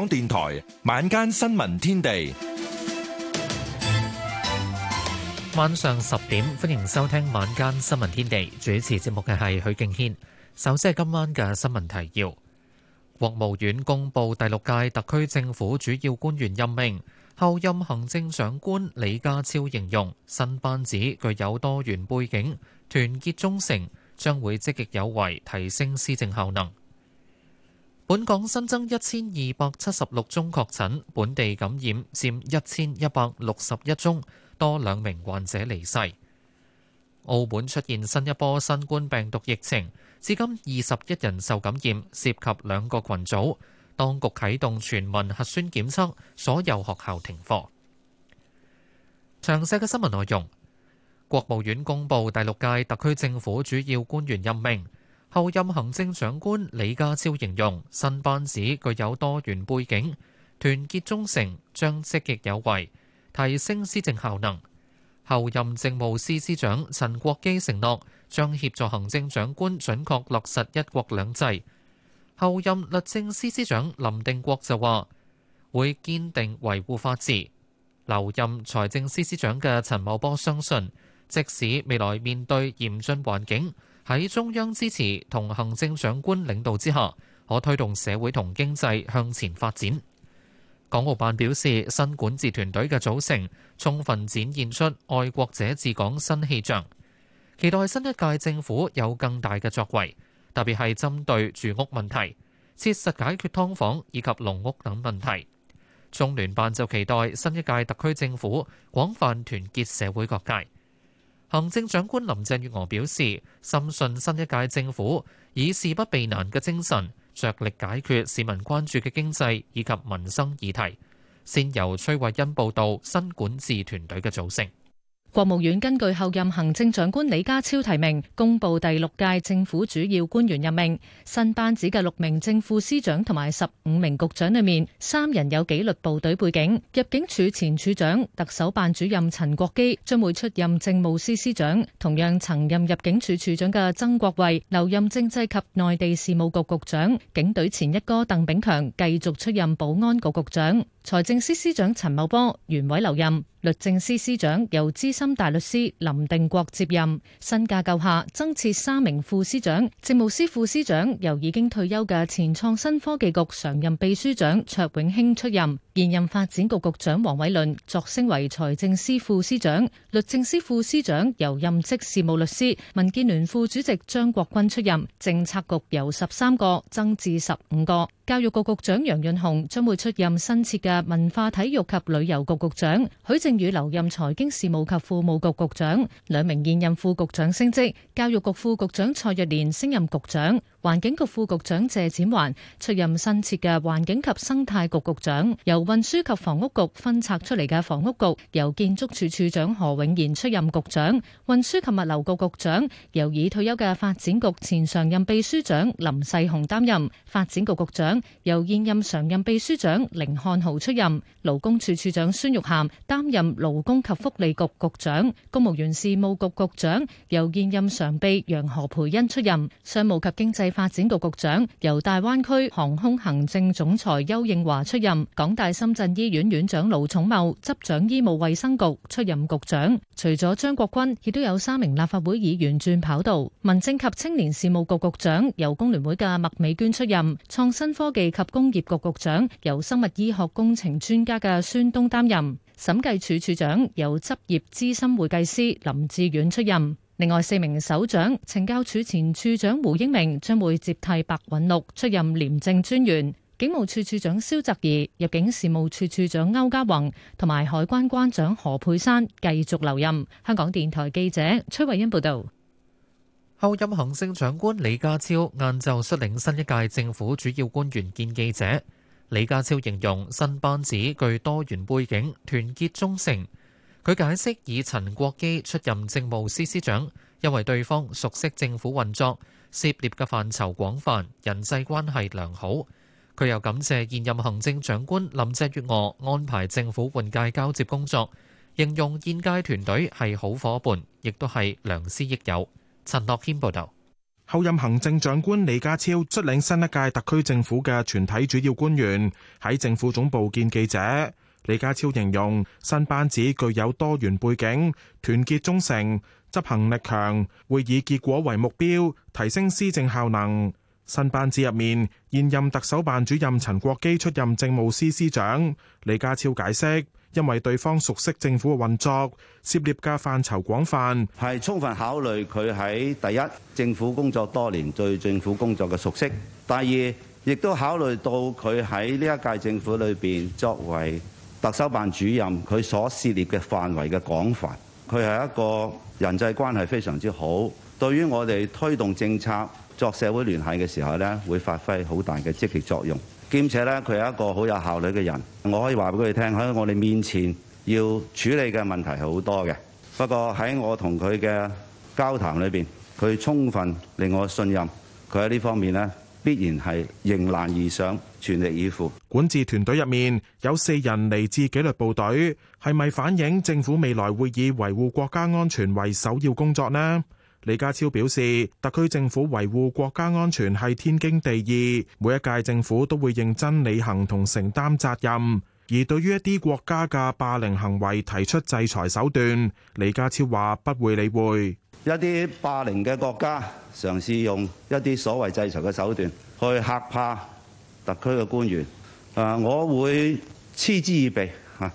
港電台晚間新聞天地，晚上十點，歡迎收聽晚間新聞天地。主持節目嘅係許敬軒。首先係今晚嘅新聞提要。國務院公布第六屆特區政府主要官員任命，候任行政長官李家超形容新班子具有多元背景，團結忠誠，將會積極有為，提升施政效能。本港新增一千二百七十六宗確診，本地感染佔一千一百六十一宗，多兩名患者離世。澳門出現新一波新冠病毒疫情，至今二十一人受感染，涉及兩個群組，當局啟動全民核酸檢測，所有學校停課。詳細嘅新聞內容。國務院公布第六屆特區政府主要官員任命。候任行政長官李家超形容新班子具有多元背景、團結忠誠，將積極有為，提升施政效能。候任政務司司長陳國基承諾將協助行政長官準確落實一國兩制。候任律政司司長林定國就話會堅定維護法治。留任財政司司長嘅陳茂波相信，即使未來面對嚴峻環境，喺中央支持同行政長官領導之下，可推動社會同經濟向前發展。港澳辦表示，新管治團隊嘅組成，充分展現出愛國者治港新氣象。期待新一屆政府有更大嘅作為，特別係針對住屋問題，切實解決劏房以及農屋等問題。中聯辦就期待新一屆特區政府廣泛團結社會各界。行政長官林鄭月娥表示，深信新一屆政府以事不避難嘅精神，着力解決市民關注嘅經濟以及民生議題。先由崔惠恩報導新管治團隊嘅組成。國務院根據後任行政長官李家超提名，公布第六屆政府主要官員任命。新班子嘅六名正副司長同埋十五名局長裏面，三人有紀律部隊背景。入境處前處長、特首辦主任陳國基將會出任政務司司長。同樣曾任入境處處長嘅曾國衛留任政制及內地事務局局長。警隊前一哥鄧炳強繼續出任保安局局長。財政司司長陳茂波原位留任。律政司司長由資深大律師林定國接任，新架構下增設三名副司長，政務司副司,司長由已經退休嘅前創新科技局常任秘書長卓永興出任，現任發展局局長黃偉綸擢升為財政司副司,司,司長，律政司副司,司,司長由任職事務律師、民建聯副主席張國軍出任，政策局由十三個增至十五個。教育局局長楊潤雄將會出任新設嘅文化體育及旅遊局局長，許正宇留任財經事務及庫務局局長，兩名現任副局長升職，教育局副局長蔡若蓮升任局長。環境局副局長謝展環出任新設嘅環境及生態局局長，由運輸及房屋局分拆出嚟嘅房屋局由建築署署長何永賢出任局長，運輸及物流局局長由已退休嘅發展局前常任秘書長林世雄擔任，發展局局長由現任常任秘書長凌漢豪出任，勞工處處長孫玉涵擔任勞工及福利局局長，公務員事務局局長由現任常秘楊何培恩出任，商務及經濟發展局局長由大灣區航空行政總裁丘應樺出任，港大深圳醫院院長盧寵茂執掌醫務衛生局出任局長。除咗張國鈞，亦都有三名立法會議員轉跑道。民政及青年事務局局長由工聯會嘅麥美娟出任，創新科技及工業局局長由生物醫學工程專家嘅孫東擔任，審計署署長由執業資深會計師林志遠出任。另外四名首長，懲教署前署長胡英明將會接替白韞六出任廉政專員，警務處處長蕭澤頤、入境事務處處長區嘉宏同埋海關關長何佩珊繼續留任。香港電台記者崔慧欣報道。候任行政長官李家超晏晝率領新一屆政府主要官員見記者。李家超形容新班子具多元背景，團結忠誠。佢解釋以陳國基出任政務司司長，因為對方熟悉政府運作，涉獵嘅範疇廣泛，人際關係良好。佢又感謝現任行政長官林鄭月娥安排政府換屆交接工作，形容現屆團隊係好伙伴，亦都係良師益友。陳樂軒報導。候任行政長官李家超率領新一屆特區政府嘅全體主要官員喺政府總部見記者。李家超形容新班子具有多元背景，團結忠誠、執行力強，會以結果為目標，提升施政效能。新班子入面，現任特首辦主任陳國基出任政務司司長。李家超解釋，因為對方熟悉政府嘅運作，涉獵嘅範疇廣泛，係充分考慮佢喺第一政府工作多年對政府工作嘅熟悉，第二亦都考慮到佢喺呢一屆政府裏邊作為。特首辦主任佢所涉獵嘅範圍嘅廣泛，佢係一個人際關係非常之好，對於我哋推動政策作社會聯繫嘅時候咧，會發揮好大嘅積極作用。兼且咧，佢係一個好有效率嘅人。我可以話俾佢哋聽，喺我哋面前要處理嘅問題係好多嘅，不過喺我同佢嘅交談裏邊，佢充分令我信任，佢喺呢方面咧必然係迎難而上。全力以赴。管治團隊入面有四人嚟自紀律部隊，係咪反映政府未來會以維護國家安全為首要工作呢？李家超表示，特區政府維護國家安全係天經地義，每一屆政府都會認真履行同承擔責任。而對於一啲國家嘅霸凌行為提出制裁手段，李家超話不會理會一啲霸凌嘅國家嘗試用一啲所謂制裁嘅手段去嚇怕特區嘅官員，啊，我會嗤之以鼻嚇，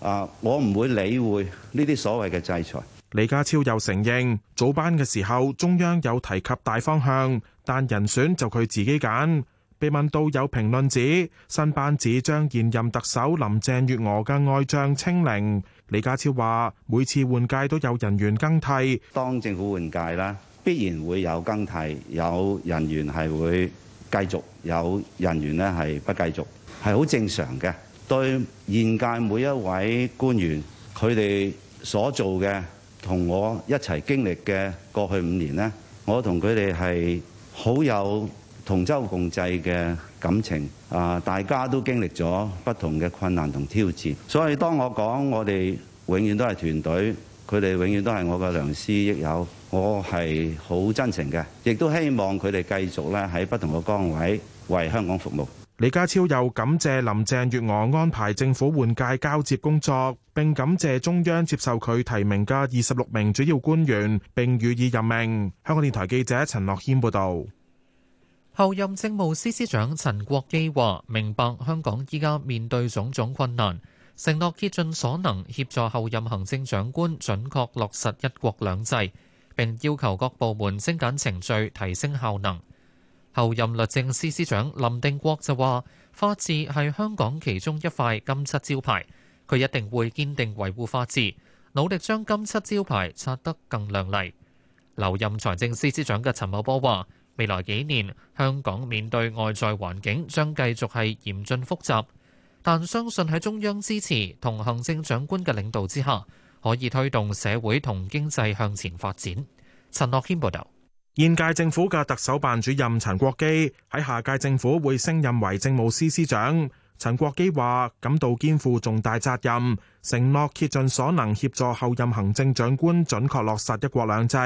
啊，我唔會理會呢啲所謂嘅制裁。李家超又承認早班嘅時候，中央有提及大方向，但人選就佢自己揀。被問到有評論指新班子將現任特首林鄭月娥嘅愛將清零，李家超話：每次換屆都有人員更替，當政府換屆啦，必然會有更替，有人員係會。繼續有人員呢係不繼續係好正常嘅。對現屆每一位官員，佢哋所做嘅同我一齊經歷嘅過去五年呢，我同佢哋係好有同舟共濟嘅感情。啊，大家都經歷咗不同嘅困難同挑戰，所以當我講我哋永遠都係團隊，佢哋永遠都係我嘅良師益友。我係好真誠嘅，亦都希望佢哋繼續咧喺不同嘅崗位為香港服務。李家超又感謝林鄭月娥安排政府換屆交接工作，並感謝中央接受佢提名嘅二十六名主要官員並予以任命。香港電台記者陳樂軒報導。後任政務司司長陳國基話：明白香港依家面對種種困難，承諾竭盡所能協助後任行政長官準確落實一國兩制。並要求各部門精簡程序，提升效能。候任律政司司長林定國就話：法治係香港其中一塊金字招牌，佢一定會堅定維護法治，努力將金字招牌擦得更亮麗。留任財政司司長嘅陳茂波話：未來幾年，香港面對外在環境將繼續係嚴峻複雜，但相信喺中央支持同行政長官嘅領導之下，可以推動社會同經濟向前發展。陳樂軒報導，現屆政府嘅特首辦主任陳國基喺下屆政府會升任為政務司司長。陳國基話感到肩負重大責任，承諾竭盡所能協助後任行政長官準確落實一國兩制，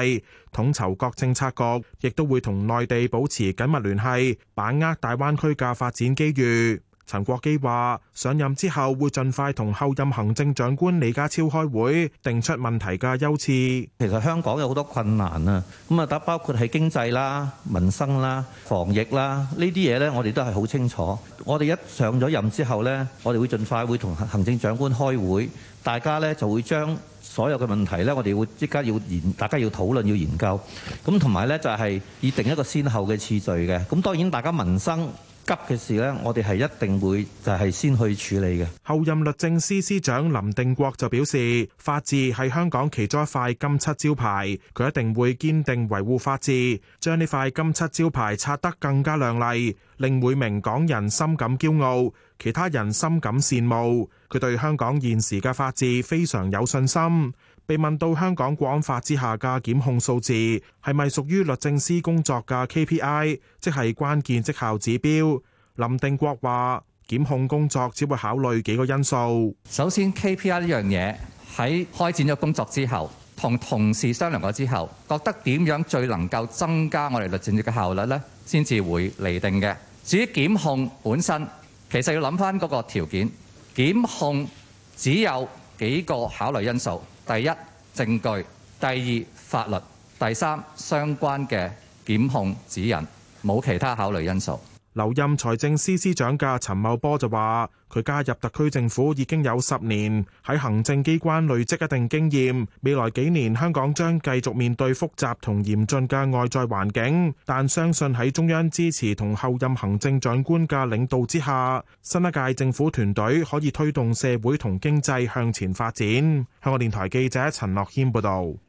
統籌各政策局，亦都會同內地保持緊密聯繫，把握大灣區嘅發展機遇。陳國基話：上任之後會盡快同後任行政長官李家超開會，定出問題嘅優次。其實香港有好多困難啊，咁啊，包括係經濟啦、民生啦、防疫啦呢啲嘢呢，我哋都係好清楚。我哋一上咗任之後呢，我哋會盡快會同行政長官開會，大家呢就會將所有嘅問題呢，我哋會即刻要研，大家要討論要研究。咁同埋呢，就係以定一個先後嘅次序嘅。咁當然大家民生。急嘅事呢，我哋係一定會就係先去處理嘅。後任律政司司長林定國就表示，法治係香港其中一塊金漆招牌，佢一定會堅定維護法治，將呢塊金漆招牌擦得更加亮麗，令每名港人深感驕傲，其他人深感羨慕。佢對香港現時嘅法治非常有信心。被問到香港國安法之下嘅檢控數字係咪屬於律政司工作嘅 KPI，即係關鍵績效指標，林定國話：檢控工作只會考慮幾個因素。首先，KPI 呢樣嘢喺開展咗工作之後，同同事商量過之後，覺得點樣最能夠增加我哋律政司嘅效率呢，先至會釐定嘅。至於檢控本身，其實要諗翻嗰個條件。檢控只有幾個考慮因素。第一證據，第二法律，第三相關嘅檢控指引，冇其他考慮因素。留任財政司司長嘅陳茂波就話，佢加入特區政府已經有十年，喺行政機關累積一定經驗。未來幾年，香港將繼續面對複雜同嚴峻嘅外在環境，但相信喺中央支持同候任行政長官嘅領導之下，新一屆政府團隊可以推動社會同經濟向前發展。香港電台記者陳樂謙報道。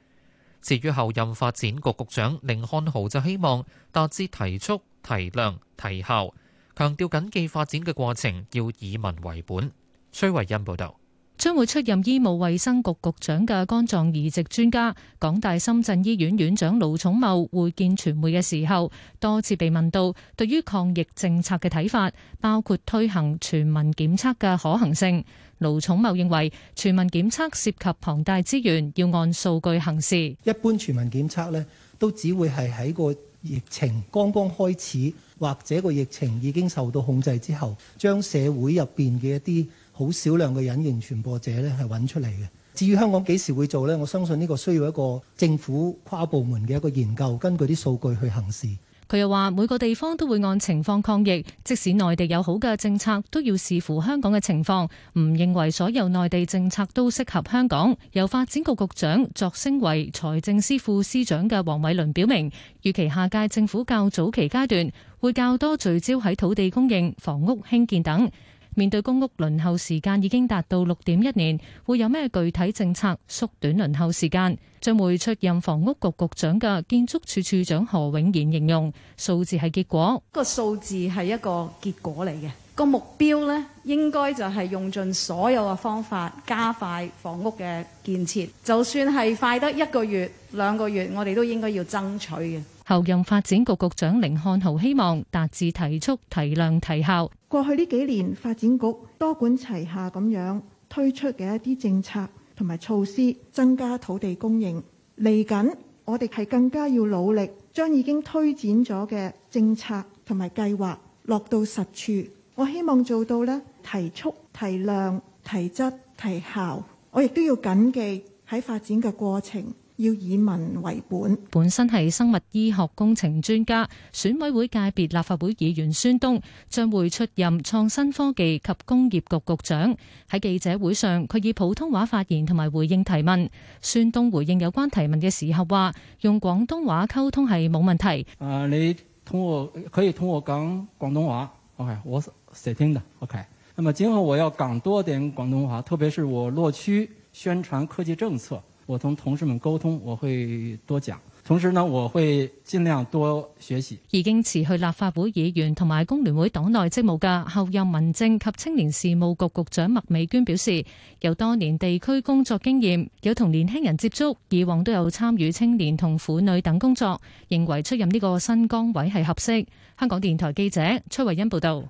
至於後任發展局局長寧漢豪就希望達至提速、提量、提效，強調緊記發展嘅過程要以民為本。崔維恩報導。將會出任醫務衛生局局長嘅肝臟移植專家、港大深圳醫院院長盧寵茂，會見傳媒嘅時候，多次被問到對於抗疫政策嘅睇法，包括推行全民檢測嘅可行性。盧寵茂認為，全民檢測涉及龐大資源，要按數據行事。一般全民檢測呢，都只會係喺個疫情剛剛開始，或者個疫情已經受到控制之後，將社會入邊嘅一啲。好少量嘅隱形傳播者呢係揾出嚟嘅。至於香港幾時會做呢，我相信呢個需要一個政府跨部門嘅一個研究，根據啲數據去行事。佢又話每個地方都會按情況抗疫，即使內地有好嘅政策，都要視乎香港嘅情況。唔認為所有內地政策都適合香港。由發展局局長擢升為財政司副司長嘅黃偉綸表明，預期下屆政府較早期階段會較多聚焦喺土地供應、房屋興建等。面對公屋輪候時間已經達到六點一年，會有咩具體政策縮短輪候時間？將會出任房屋局局長嘅建築署署長何永賢形容數字係結果，個數字係一個結果嚟嘅。個目標呢，應該就係用盡所有嘅方法加快房屋嘅建設，就算係快得一個月、兩個月，我哋都應該要爭取嘅。候任發展局局長甯漢豪希望達至提速、提量、提效。過去呢幾年，發展局多管齊下，咁樣推出嘅一啲政策同埋措施，增加土地供應。嚟緊，我哋係更加要努力，將已經推展咗嘅政策同埋計劃落到實處。我希望做到呢：提速、提量、提質、提效。我亦都要謹記喺發展嘅過程。要以民為本。本身係生物醫學工程專家，選委會界別立法會議員孫東將會出任創新科技及工業局局長。喺記者會上，佢以普通話發言同埋回應提問。孫東回應有關提問嘅時候話，用廣東話溝通係冇問題。誒、呃，你通過可以通過講廣東話，OK，我嚟聽的，OK。咁啊，今後我要講多點廣東話，特別是我落區宣傳科技政策。我同同事們溝通，我會多講。同時呢，我會盡量多學習。已經辭去立法會議員同埋工聯會黨內職務嘅候任民政及青年事務局局長麥美娟表示，有多年地區工作經驗，有同年輕人接觸，以往都有參與青年同婦女等工作，認為出任呢個新崗位係合適。香港電台記者崔慧欣報道。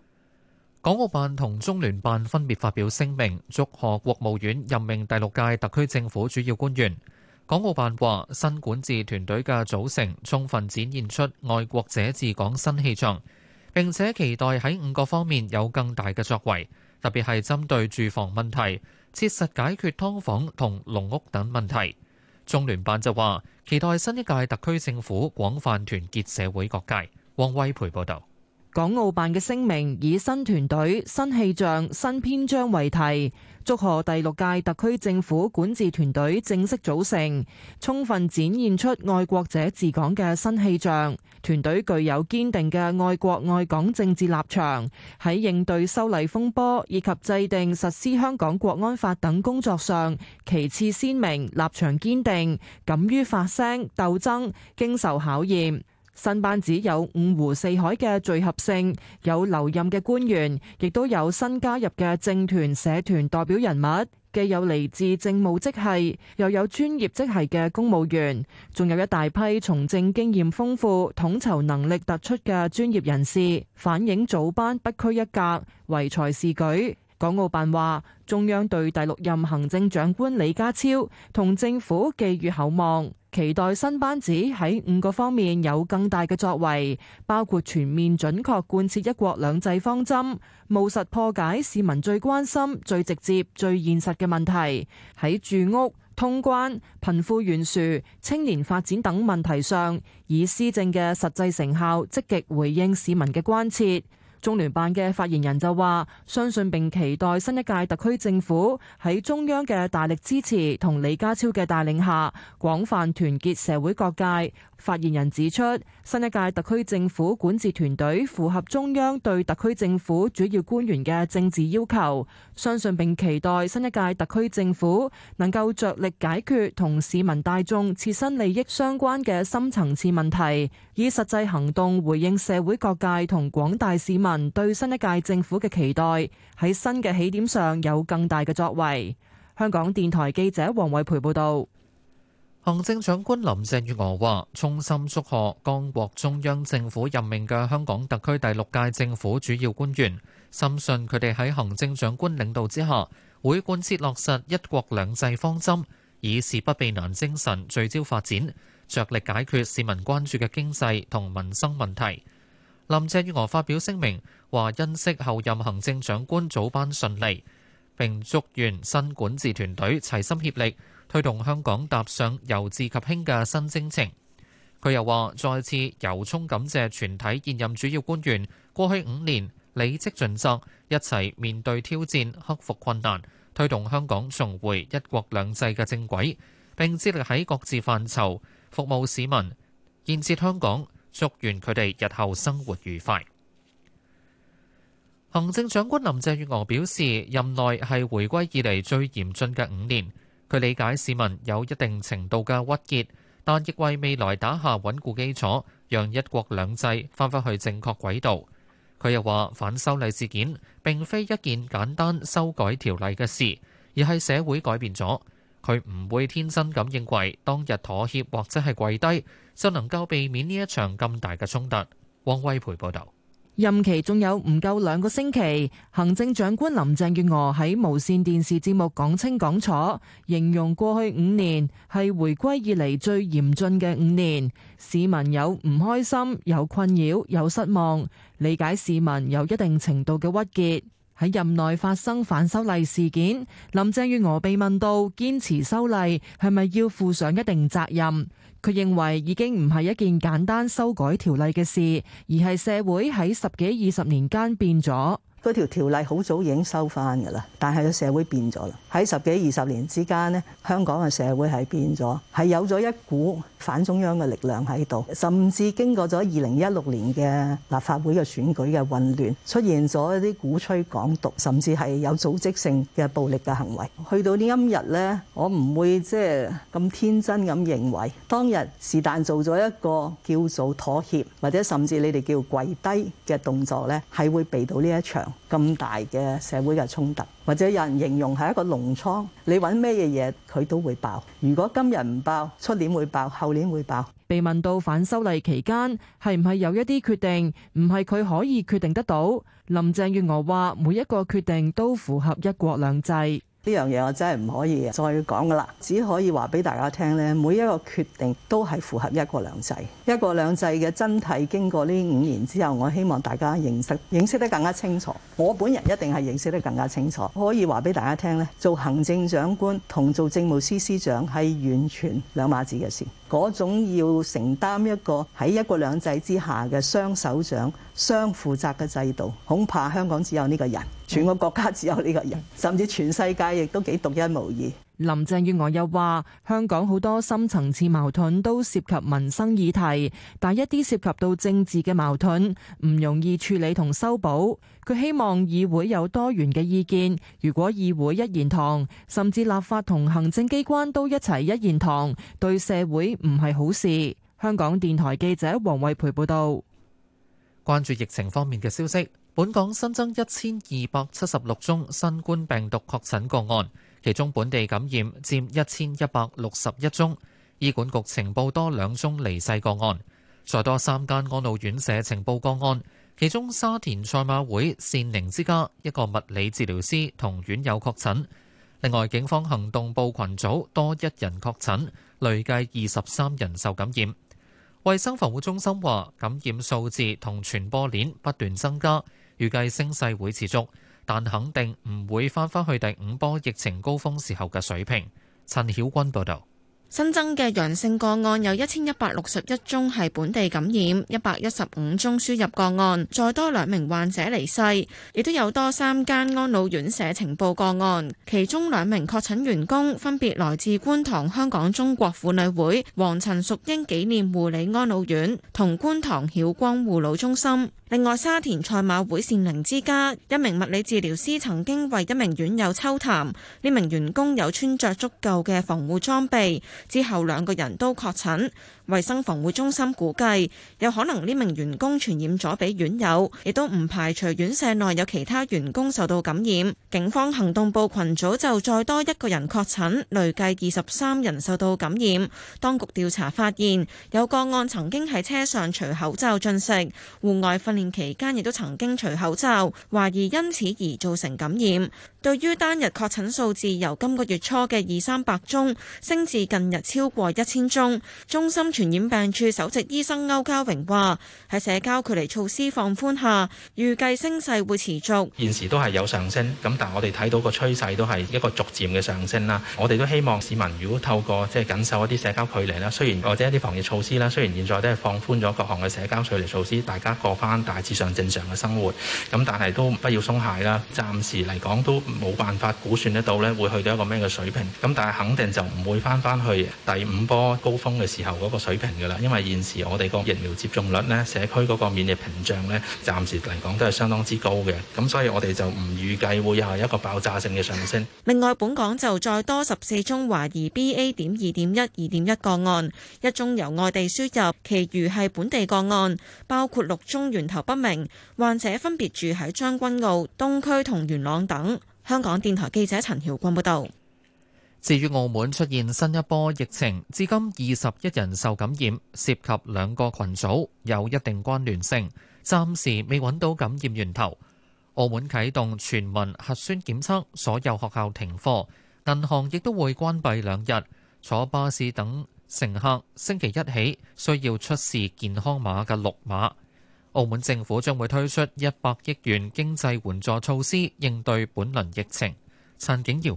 港澳辦同中聯辦分別發表聲明，祝賀國務院任命第六屆特區政府主要官員。港澳辦話，新管治團隊嘅組成充分展現出愛國者治港新氣象，並且期待喺五個方面有更大嘅作為，特別係針對住房問題，切實解決劏房同籠屋等問題。中聯辦就話，期待新一屆特區政府廣泛團結社會各界。汪威培報導。港澳辦嘅聲明以新團隊、新氣象、新篇章為題，祝賀第六屆特區政府管治團隊正式組成，充分展現出愛國者治港嘅新氣象。團隊具有堅定嘅愛國愛港政治立場，喺應對修例風波以及制定實施香港國安法等工作上，旗幟鮮明，立場堅定，敢於發聲鬥爭，經受考驗。新班子有五湖四海嘅聚合性，有留任嘅官員，亦都有新加入嘅政團社團代表人物，既有嚟自政務職系，又有專業職系嘅公務員，仲有一大批從政經驗豐富、統籌能力突出嘅專業人士，反映組班不拘一格，唯才是舉。港澳辦話，中央對第六任行政長官李家超同政府寄予厚望。期待新班子喺五個方面有更大嘅作為，包括全面準確貫徹一國兩制方針，務實破解市民最關心、最直接、最現實嘅問題，喺住屋、通關、貧富懸殊、青年發展等問題上，以施政嘅實際成效積極回應市民嘅關切。中聯辦嘅發言人就話，相信並期待新一屆特區政府喺中央嘅大力支持同李家超嘅帶領下，廣泛團結社會各界。發言人指出，新一屆特區政府管治團隊符合中央對特區政府主要官員嘅政治要求，相信並期待新一屆特區政府能夠着力解決同市民大眾切身利益相關嘅深層次問題，以實際行動回應社會各界同廣大市民對新一屆政府嘅期待，喺新嘅起點上有更大嘅作為。香港電台記者黃偉培報道。行政長官林鄭月娥話：衷心祝賀剛獲中央政府任命嘅香港特區第六屆政府主要官員，深信佢哋喺行政長官領導之下，會貫徹落實一國兩制方針，以事不避難精神聚焦發展，着力解決市民關注嘅經濟同民生問題。林鄭月娥發表聲明話：欣悉候任行政長官組班順利，並祝願新管治團隊齊心協力。推動香港踏上由治及興嘅新征程。佢又話：再次由衷感謝全體現任主要官員過去五年履職盡責，一齊面對挑戰，克服困難，推動香港重回一國兩制嘅正軌。並致力喺各自範疇服務市民，建設香港。祝願佢哋日後生活愉快。行政長官林鄭月娥表示，任內係回歸以嚟最嚴峻嘅五年。佢理解市民有一定程度嘅鬱結，但亦為未來打下穩固基礎，讓一國兩制翻返去正確軌道。佢又話：反修例事件並非一件簡單修改條例嘅事，而係社會改變咗。佢唔會天真咁認為當日妥協或者係跪低，就能夠避免呢一場咁大嘅衝突。汪威培報導。任期仲有唔夠兩個星期，行政長官林鄭月娥喺無綫電視節目講清講楚，形容過去五年係回歸以嚟最嚴峻嘅五年，市民有唔開心、有困擾、有失望，理解市民有一定程度嘅鬱結。喺任內發生反修例事件，林鄭月娥被問到堅持修例係咪要負上一定責任？佢認為已經唔係一件簡單修改條例嘅事，而係社會喺十幾二十年間變咗。嗰條條例好早已經收返㗎喇，但係個社會變咗啦。喺十幾二十年之間呢，香港嘅社會係變咗，係有咗一股反中央嘅力量喺度。甚至經過咗二零一六年嘅立法會嘅選舉嘅混亂，出現咗一啲鼓吹港獨，甚至係有組織性嘅暴力嘅行為。去到呢今日呢，我唔會即係咁天真咁認為，當日是但做咗一個叫做妥協，或者甚至你哋叫跪低嘅動作呢，係會避到呢一場，咁大嘅社會嘅衝突，或者有人形容係一個農倉，你揾咩嘢嘢佢都會爆。如果今日唔爆，出年會爆，後年會爆。被問到反修例期間係唔係有一啲決定，唔係佢可以決定得到，林鄭月娥話每一個決定都符合一國兩制。呢樣嘢我真係唔可以再講噶啦，只可以話俾大家聽咧，每一個決定都係符合一國兩制。一國兩制嘅真諦經過呢五年之後，我希望大家認識、認識得更加清楚。我本人一定係認識得更加清楚。可以話俾大家聽咧，做行政長官同做政務司司長係完全兩碼子嘅事。嗰種要承擔一個喺一國兩制之下嘅雙首長、雙負責嘅制度，恐怕香港只有呢個人。全個國家只有呢個人，甚至全世界亦都幾獨一無二。林鄭月娥又話香港好多深層次矛盾都涉及民生議題，但一啲涉及到政治嘅矛盾唔容易處理同修補，佢希望議會有多元嘅意見，如果議會一言堂，甚至立法同行政機關都一齊一言堂，對社會唔係好事。香港電台記者黃慧培報道。關注疫情方面嘅消息。本港新增一千二百七十六宗新冠病毒確診個案，其中本地感染佔一千一百六十一宗。醫管局呈報多兩宗離世個案，再多三間安老院舍呈報個案，其中沙田賽馬會善寧之家一個物理治療師同院友確診，另外，警方行動部群組多一人確診，累計二十三人受感染。衛生防護中心話感染數字同傳播鏈不斷增加。預計升勢會持續，但肯定唔會翻返去第五波疫情高峰時候嘅水平。陳曉君報導。新增嘅陽性個案有一千一百六十一宗係本地感染，一百一十五宗輸入個案，再多兩名患者離世，亦都有多三間安老院社情報個案，其中兩名確診員工分別來自觀塘香港中國婦女會黃陳淑英紀念護理安老院同觀塘曉光護老中心。另外，沙田賽馬會善寧之家一名物理治療師曾經為一名院友抽痰，呢名員工有穿着足夠嘅防護裝備。之後兩個人都確診。衛生防護中心估計，有可能呢名員工傳染咗俾院友，亦都唔排除院舍內有其他員工受到感染。警方行動部群組就再多一個人確診，累計二十三人受到感染。當局調查發現，有個案曾經喺車上除口罩進食，戶外訓練期間亦都曾經除口罩，懷疑因此而造成感染。對於單日確診數字由今個月初嘅二三百宗升至近日超過一千宗，中心。傳染病處首席醫生歐家榮話：喺社交距離措施放寬下，預計升勢會持續。現時都係有上升，咁但係我哋睇到個趨勢都係一個逐漸嘅上升啦。我哋都希望市民如果透過即係緊守一啲社交距離啦，雖然或者一啲防疫措施啦，雖然現在都係放寬咗各項嘅社交距離措施，大家過翻大致上正常嘅生活。咁但係都不要鬆懈啦。暫時嚟講都冇辦法估算得到咧會去到一個咩嘅水平。咁但係肯定就唔會翻翻去第五波高峰嘅時候嗰個水平㗎啦，因為現時我哋個疫苗接種率咧，社區嗰個免疫屏障咧，暫時嚟講都係相當之高嘅，咁所以我哋就唔預計會有一個爆炸性嘅上升。另外，本港就再多十四宗懷疑 B A 點二點一、二點一個案，一宗由外地輸入，其餘係本地個案，包括六宗源頭不明，患者分別住喺將軍澳、東區同元朗等。香港電台記者陳曉光報道。至於澳門出現新一波疫情，至今二十一人受感染，涉及兩個群組，有一定關聯性，暫時未揾到感染源頭。澳門啟動全民核酸檢測，所有學校停課，銀行亦都會關閉兩日。坐巴士等乘客，星期一起需要出示健康碼嘅綠碼。澳門政府將會推出一百億元經濟援助措施，應對本輪疫情。陳景堯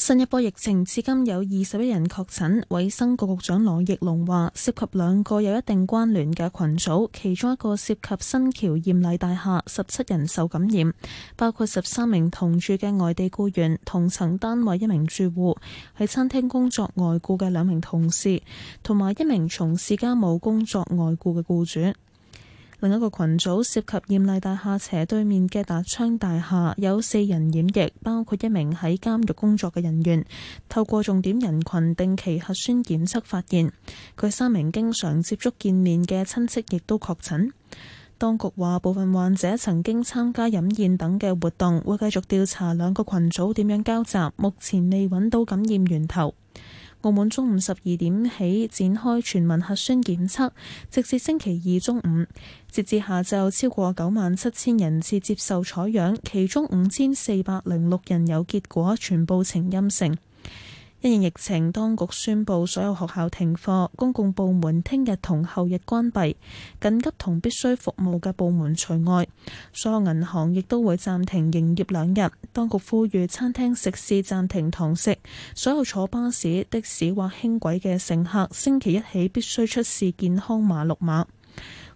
新一波疫情至今有二十一人確診，衛生局局長羅奕龍話涉及兩個有一定關聯嘅群組，其中一個涉及新橋艷麗大廈，十七人受感染，包括十三名同住嘅外地僱員、同層單位一名住戶、喺餐廳工作外雇嘅兩名同事，同埋一名從事家務工作外雇嘅僱主。另一個群組涉及豔麗大廈斜對面嘅達昌大廈，有四人染疫，包括一名喺監獄工作嘅人員。透過重點人群定期核酸檢測發現，佢三名經常接觸見面嘅親戚亦都確診。當局話，部分患者曾經參加飲宴等嘅活動，會繼續調查兩個群組點樣交集，目前未揾到感染源頭。澳門中午十二點起展開全民核酸檢測，直至星期二中午。截至下晝，超過九萬七千人次接受採樣，其中五千四百零六人有結果，全部呈陰性。因應疫情，當局宣布所有學校停課，公共部門聽日同後日關閉，緊急同必須服務嘅部門除外。所有銀行亦都會暫停營業兩日。當局呼籲餐廳食肆暫停堂食，所有坐巴士、的士或輕軌嘅乘客星期一起必須出示健康碼綠碼。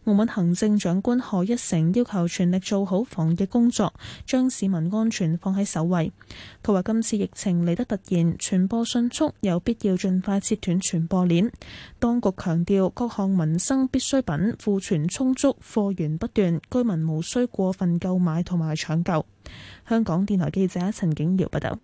澳門行政長官賀一誠要求全力做好防疫工作，將市民安全放喺首位。佢話今次疫情嚟得突然，傳播迅速，有必要盡快切斷傳播鏈。當局強調各項民生必需品庫存充足，貨源不斷，居民無需過分購買同埋搶購。香港電台記者陳景瑤報道。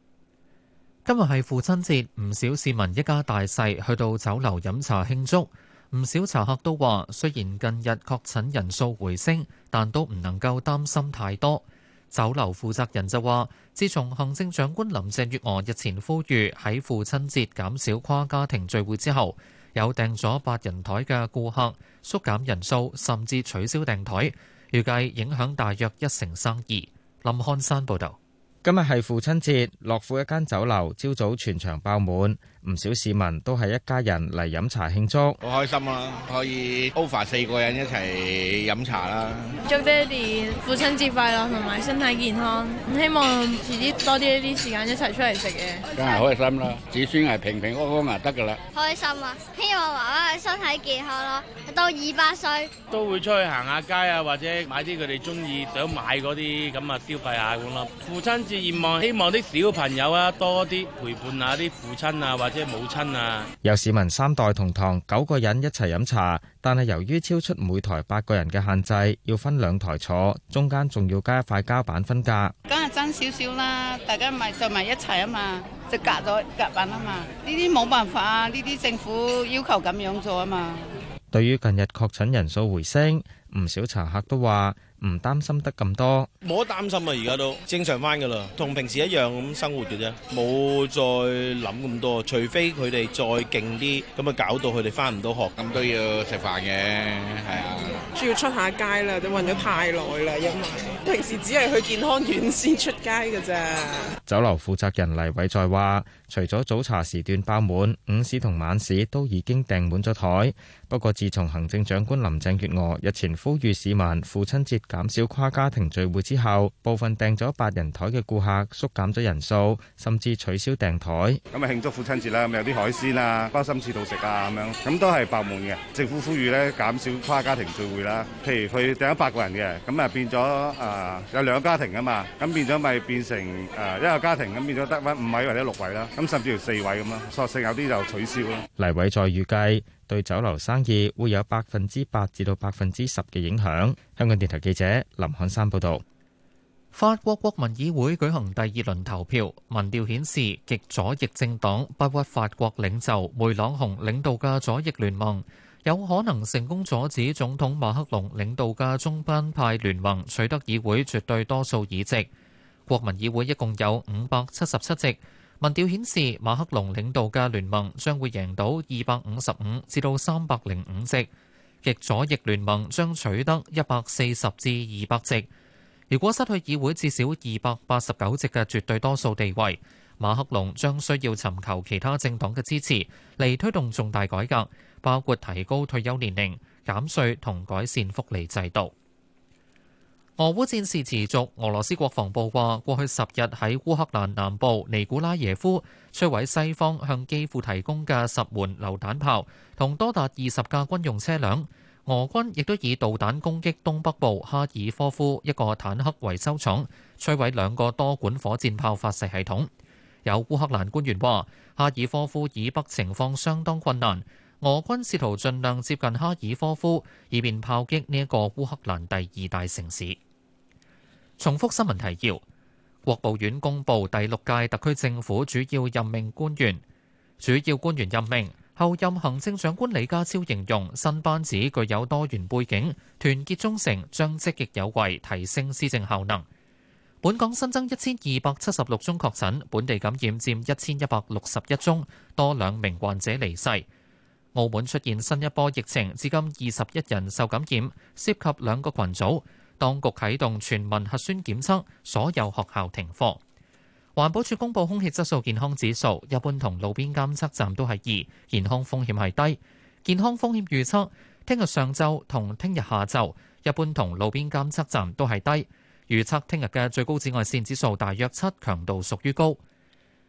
今日係父親節，唔少市民一家大細去到酒樓飲茶慶祝。唔少茶客都話，雖然近日確診人數回升，但都唔能夠擔心太多。酒樓負責人就話，自從行政長官林鄭月娥日前呼籲喺父親節減少跨家庭聚會之後，有訂咗八人台嘅顧客縮減人數，甚至取消訂台，預計影響大約一成生意。林漢山報導，今日係父親節，樂富一間酒樓朝早全場爆滿。唔少市民都係一家人嚟飲茶慶祝，好開心啊！可以 over 四個人一齊飲茶啦。祝爹哋父親節快樂，同埋身體健康。希望遲啲多啲呢啲時間一齊出嚟食嘢，梗係開心啦！子孫係平平安安就得噶啦。開心啊！希望爸爸嘅身體健康咯，到二百歲都會出去行下街啊，或者買啲佢哋中意想買嗰啲咁啊消費下咁咯。父親節願望，希望啲小朋友啊多啲陪伴下啲父親啊或。母親啊，有市民三代同堂九個人一齊飲茶，但係由於超出每台八個人嘅限制，要分兩台坐，中間仲要加一塊膠板分隔。梗係爭少少啦，大家咪就埋一齊啊嘛，就隔咗隔板啊嘛。呢啲冇辦法，呢啲政府要求咁樣做啊嘛。對於近日確診人數回升，唔少茶客都話。唔擔心得咁多，冇得擔心啊！而家都正常翻噶啦，同平時一樣咁生活嘅啫，冇再諗咁多。除非佢哋再勁啲，咁啊搞到佢哋翻唔到學，咁都要食飯嘅，係啊。仲要出下街啦，都混咗太耐啦，因為。平時只係去健康院先出街嘅啫。酒樓負責人黎偉在話，除咗早茶時段爆滿，午市同晚市都已經訂滿咗台。不過，自從行政長官林鄭月娥日前呼籲市民父親節減少跨家庭聚會之後，部分訂咗八人台嘅顧客縮減咗人數，甚至取消訂台。咁啊，慶祝父親節啦，咪有啲海鮮啊，包心翅度食啊，咁樣，咁都係爆滿嘅。政府呼籲呢減少跨家庭聚會啦，譬如佢訂咗八個人嘅，咁啊變咗啊。呃啊！有兩個家庭啊嘛，咁變咗咪變成誒一個家庭，咁變咗得翻五位或者六位啦，咁甚至乎四位咁咯。索性有啲就取消咯。黎偉再預計對酒樓生意會有百分之八至到百分之十嘅影響。香港電台記者林漢山報道。法國國民議會舉行第二輪投票，民調顯示極左翼政黨不屈法國領袖梅朗雄領導嘅左翼聯盟。有可能成功阻止總統馬克龍領導嘅中間派聯盟取得議會絕對多數議席。國民議會一共有五百七十七席，民調顯示馬克龍領導嘅聯盟將會贏到二百五十五至到三百零五席，極左翼聯盟將取得一百四十至二百席。如果失去議會至少二百八十九席嘅絕對多數地位，馬克龍將需要尋求其他政黨嘅支持嚟推動重大改革。包括提高退休年齡、減稅同改善福利制度。俄烏戰事持續，俄羅斯國防部話，過去十日喺烏克蘭南部尼古拉耶夫摧毀西方向基輔提供嘅十門榴彈炮同多達二十架軍用車輛。俄軍亦都以導彈攻擊東北部哈爾科夫一個坦克維修廠，摧毀兩個多管火箭炮發射系統。有烏克蘭官員話，哈爾科夫以北情況相當困難。俄軍試圖盡量接近哈爾科夫，以便炮擊呢一個烏克蘭第二大城市。重複新聞提要：國務院公佈第六屆特區政府主要任命官員。主要官員任命後，候任行政長官李家超形容新班子具有多元背景，團結忠誠，將積極有為，提升施政效能。本港新增一千二百七十六宗確診，本地感染佔一千一百六十一宗，多兩名患者離世。澳門出現新一波疫情，至今二十一人受感染，涉及兩個群組。當局啟動全民核酸檢測，所有學校停課。環保署公佈空氣質素健康指數，一般同路邊監測站都係二，健康風險係低。健康風險預測，聽日上晝同聽日下晝，一般同路邊監測站都係低。預測聽日嘅最高紫外線指數大約七，強度屬於高。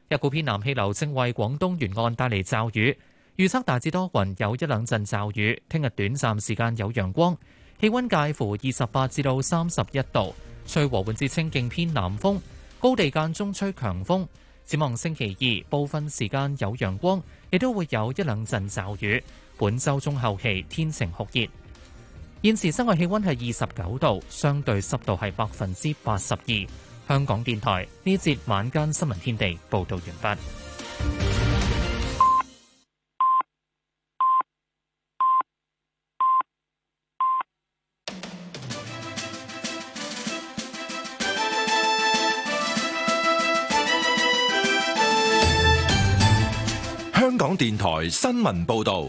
一股偏南氣流正為廣東沿岸帶嚟驟雨。預測大致多雲，有一兩陣驟雨。聽日短暫時間有陽光，氣溫介乎二十八至到三十一度，吹和緩至清勁偏南風，高地間中吹強風。展望星期二，部分時間有陽光，亦都會有一兩陣驟雨。本周中後期天晴酷熱。現時室外氣溫係二十九度，相對濕度係百分之八十二。香港電台呢一節晚間新聞天地報道完畢。港電台新聞報道，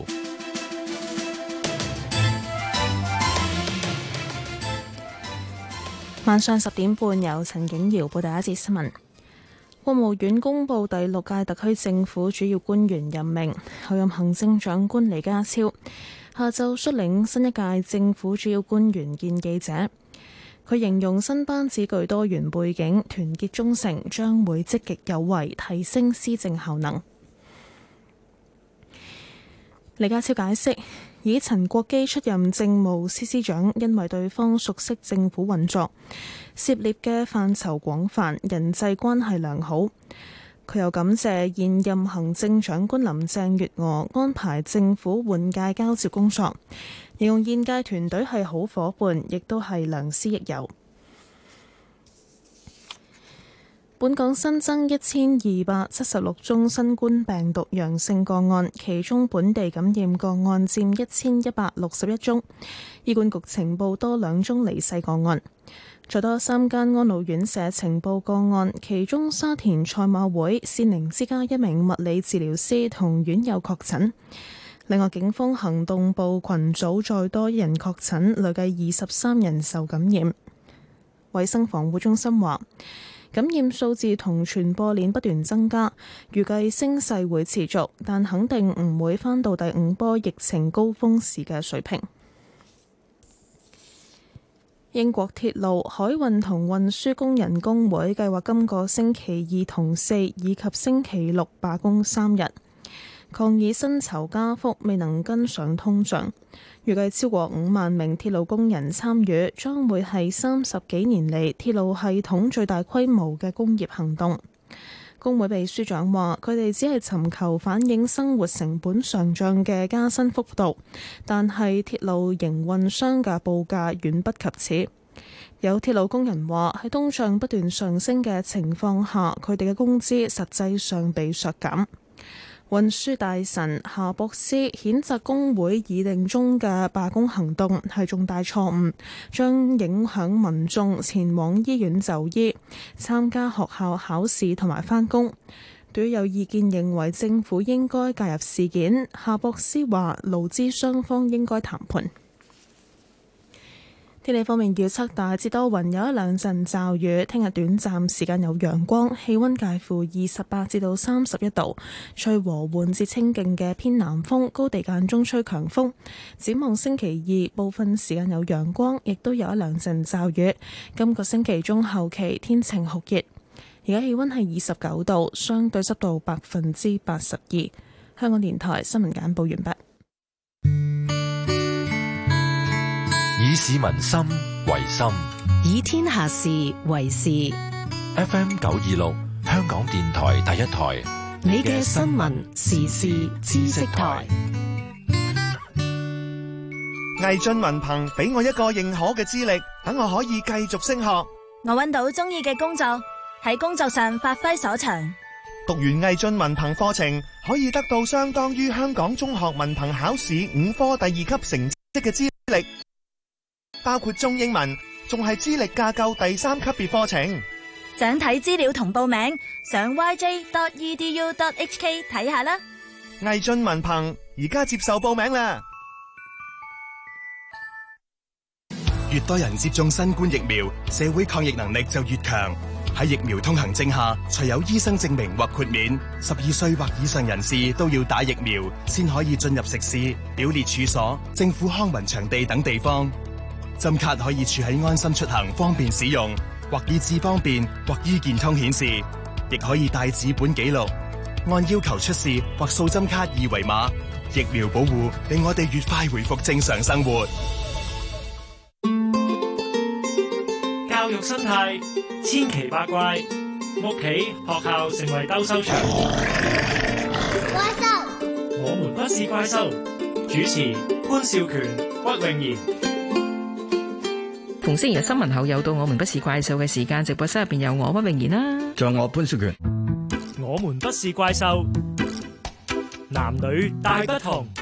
晚上十點半由陳景堯報第一節新聞。國務院公布第六屆特區政府主要官員任命，候任行政長官李家超，下晝率領新一屆政府主要官員見記者，佢形容新班子具多元背景、團結忠誠，將會積極有為，提升施政效能。李家超解釋，以陳國基出任政務司司長，因為對方熟悉政府運作，涉獵嘅範疇廣泛，人際關係良好。佢又感謝現任行政長官林鄭月娥安排政府換屆交接工作，形容現屆團隊係好伙伴，亦都係良師益友。本港新增一千二百七十六宗新冠病毒陽性個案，其中本地感染個案佔一千一百六十一宗。醫管局呈報多兩宗離世個案，再多三間安老院舍呈報個案，其中沙田賽馬會善寧之家一名物理治療師同院友確診。另外，警方行動部群組再多一人確診，累計二十三人受感染。衛生防護中心話。感染數字同傳播鏈不斷增加，預計升勢會持續，但肯定唔會返到第五波疫情高峰時嘅水平。英國鐵路、海運同運輸工人工會計劃今個星期二、同四以及星期六罷工三日。抗議薪酬加幅未能跟上通脹，預計超過五萬名鐵路工人參與，將會係三十幾年嚟鐵路系統最大規模嘅工業行動。工會秘書長話：佢哋只係尋求反映生活成本上漲嘅加薪幅度，但係鐵路營運商嘅報價遠不及此。有鐵路工人話：喺通脹不斷上升嘅情況下，佢哋嘅工資實際上被削減。運輸大臣夏博斯譴責工會議定中嘅罷工行動係重大錯誤，將影響民眾前往醫院就醫、參加學校考試同埋翻工。對於有意見認為政府應該介入事件，夏博斯話勞資雙方應該談判。天氣方面預測大致多雲，有一兩陣驟雨。聽日短暫時間有陽光，氣溫介乎二十八至到三十一度，吹和緩至清勁嘅偏南風，高地間中吹強風。展望星期二，部分時間有陽光，亦都有一兩陣驟雨。今個星期中後期天晴酷熱，而家氣溫係二十九度，相對濕度百分之八十二。香港電台新聞簡報完畢。以市民心為心，以天下事為事。F. M. 九二六，香港電台第一台。你嘅新聞時事知識台。毅進文憑俾我一個認可嘅資歷，等我可以繼續升學。我揾到中意嘅工作，喺工作上發揮所長。讀完毅進文憑課程，可以得到相當於香港中學文憑考試五科第二級成績嘅資歷。包括中英文，仲係資歷架構第三級別課程。想睇資料同報名上 yj.edu.hk 睇下啦。毅進文憑而家接受報名啦。越多人接種新冠疫苗，社會抗疫能力就越強。喺疫苗通行證下，除有醫生證明或豁免，十二歲或以上人士都要打疫苗，先可以進入食肆、表列處所、政府康文場地等地方。針卡可以儲喺安心出行方便使用，或以智方便，或醫健通顯示，亦可以帶紙本記錄，按要求出示或掃針卡二維碼。疫苗保護令我哋越快回復正常生活。教育生態千奇百怪，屋企學校成為鬥獸場。怪獸塑，我們不是怪獸。主持：潘少權、屈穎妍。同星期日新聞後，又到我們不是怪獸嘅時間，直播室入邊有我屈穎妍啦，仲有我潘雪權，我們不是怪獸，男女大不同。